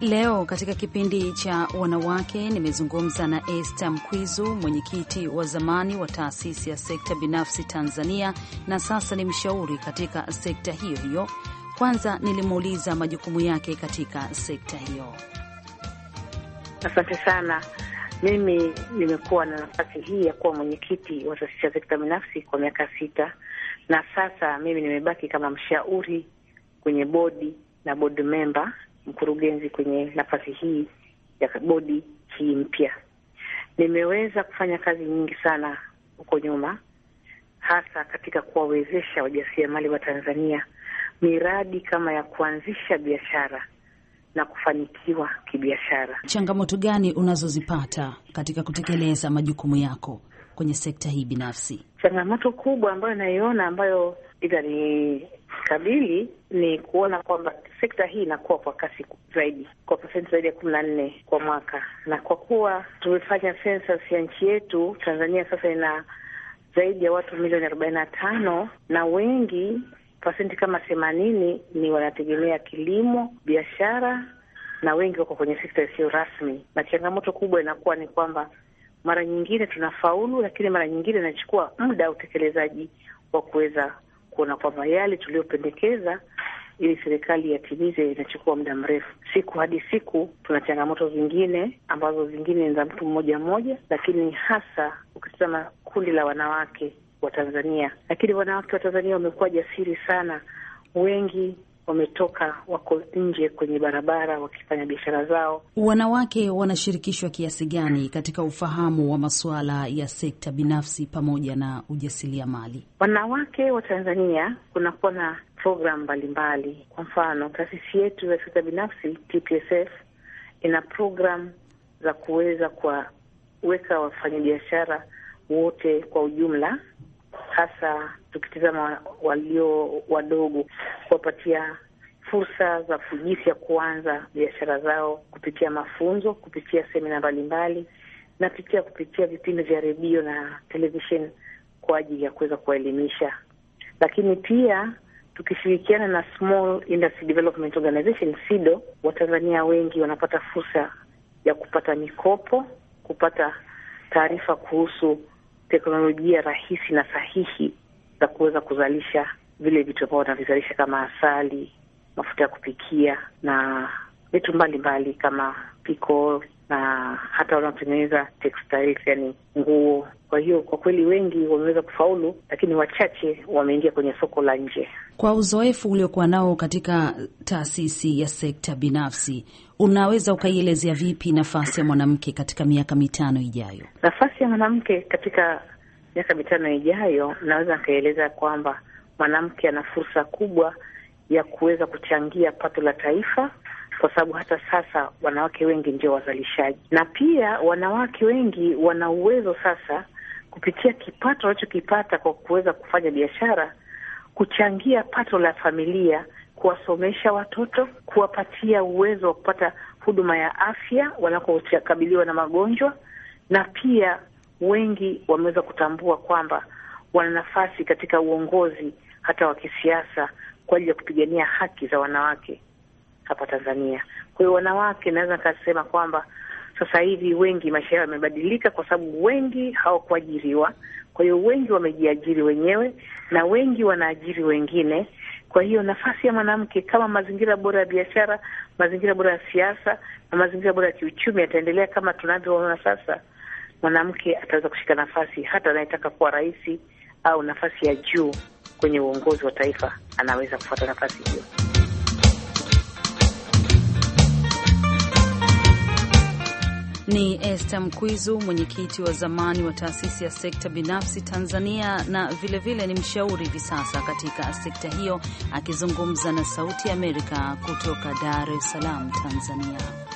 Leo katika kipindi cha wanawake nimezungumza na Esther Mkwizu, mwenyekiti wa zamani wa taasisi ya sekta binafsi Tanzania na sasa ni mshauri katika sekta hiyo hiyo. Kwanza nilimuuliza majukumu yake katika sekta hiyo. Asante sana. Mimi nimekuwa na nafasi hii ya kuwa mwenyekiti wa taasisi ya sekta binafsi kwa miaka sita, na sasa mimi nimebaki kama mshauri kwenye bodi na board member mkurugenzi kwenye nafasi hii ya bodi hii mpya. Nimeweza kufanya kazi nyingi sana huko nyuma, hasa katika kuwawezesha wajasiriamali wa Tanzania miradi kama ya kuanzisha biashara na kufanikiwa kibiashara. Changamoto gani unazozipata katika kutekeleza majukumu yako? kwenye sekta hii binafsi? Changamoto kubwa ambayo naiona ambayo itanikabili ni kuona kwamba sekta hii inakuwa kwa kasi zaidi, kwa pasenti zaidi ya kumi na nne kwa mwaka, na kwa kuwa tumefanya sensa ya nchi yetu Tanzania sasa ina zaidi ya watu milioni arobaini na tano na wengi pasenti kama themanini ni wanategemea kilimo, biashara na wengi wako kwenye sekta isiyo rasmi, na changamoto kubwa inakuwa ni kwamba mara nyingine tunafaulu, lakini mara nyingine inachukua muda wa utekelezaji wa kuweza kuona kwamba yale tuliyopendekeza ili serikali yatimize inachukua muda mrefu. Siku hadi siku, tuna changamoto zingine ambazo zingine ni za mtu mmoja mmoja, lakini hasa ukitazama kundi la wanawake wa Tanzania. Lakini wanawake wa Tanzania wamekuwa jasiri sana, wengi wametoka wako nje kwenye barabara wakifanya biashara zao. Wanawake wanashirikishwa kiasi gani katika ufahamu wa masuala ya sekta binafsi pamoja na ujasiriamali? Wanawake wa Tanzania kunakuwa na programu mbalimbali. Kwa mfano, taasisi yetu ya sekta binafsi TPSF ina programu za kuweza kuwaweka wafanyabiashara wote kwa ujumla hasa tukitizama walio wadogo, kuwapatia fursa za jinsi ya kuanza biashara zao kupitia mafunzo, kupitia semina mbalimbali, na pia kupitia vipindi vya redio na televishen kwa ajili ya kuweza kuwaelimisha, lakini pia tukishirikiana na Small Industry Development Organization SIDO, Watanzania wengi wanapata fursa ya kupata mikopo, kupata taarifa kuhusu teknolojia rahisi na sahihi za kuweza kuzalisha vile vitu ambavyo wanavizalisha kama asali, mafuta ya kupikia na vitu mbalimbali kama piko na hata wanaotengeneza textiles, yani nguo. Kwa hiyo kwa kweli wengi wameweza kufaulu, lakini wachache wameingia kwenye soko la nje. Kwa uzoefu uliokuwa nao katika taasisi ya sekta binafsi, unaweza ukaielezea vipi nafasi ya mwanamke katika miaka mitano ijayo? Nafasi ya mwanamke katika miaka mitano ijayo, naweza nikaeleza kwamba mwanamke ana fursa kubwa ya kuweza kuchangia pato la taifa kwa sababu hata sasa wanawake wengi ndio wazalishaji, na pia wanawake wengi wana uwezo sasa kupitia kipato wanachokipata kwa kuweza kufanya biashara, kuchangia pato la familia, kuwasomesha watoto, kuwapatia uwezo wa kupata huduma ya afya wanapokabiliwa na magonjwa, na pia wengi wameweza kutambua kwamba wana nafasi katika uongozi hata wa kisiasa kwa ajili ya kupigania haki za wanawake hapa Tanzania. Kwa hiyo wanawake, naweza nikasema kwamba sasa hivi wengi maisha yao yamebadilika, kwa sababu wengi hawakuajiriwa. Kwa hiyo wengi wamejiajiri wenyewe na wengi wanaajiri wengine. Kwa hiyo nafasi ya mwanamke kama mazingira bora ya biashara, mazingira bora ya siasa na mazingira bora ya kiuchumi yataendelea kama tunavyoona sasa, mwanamke ataweza kushika nafasi hata anayetaka kuwa rais au nafasi ya juu kwenye uongozi wa taifa, anaweza kufuata nafasi hiyo. Ni Esther Mkwizu, mwenyekiti wa zamani wa taasisi ya sekta binafsi Tanzania na vilevile vile ni mshauri hivi sasa katika sekta hiyo, akizungumza na Sauti ya Amerika kutoka Dar es Salaam, Tanzania.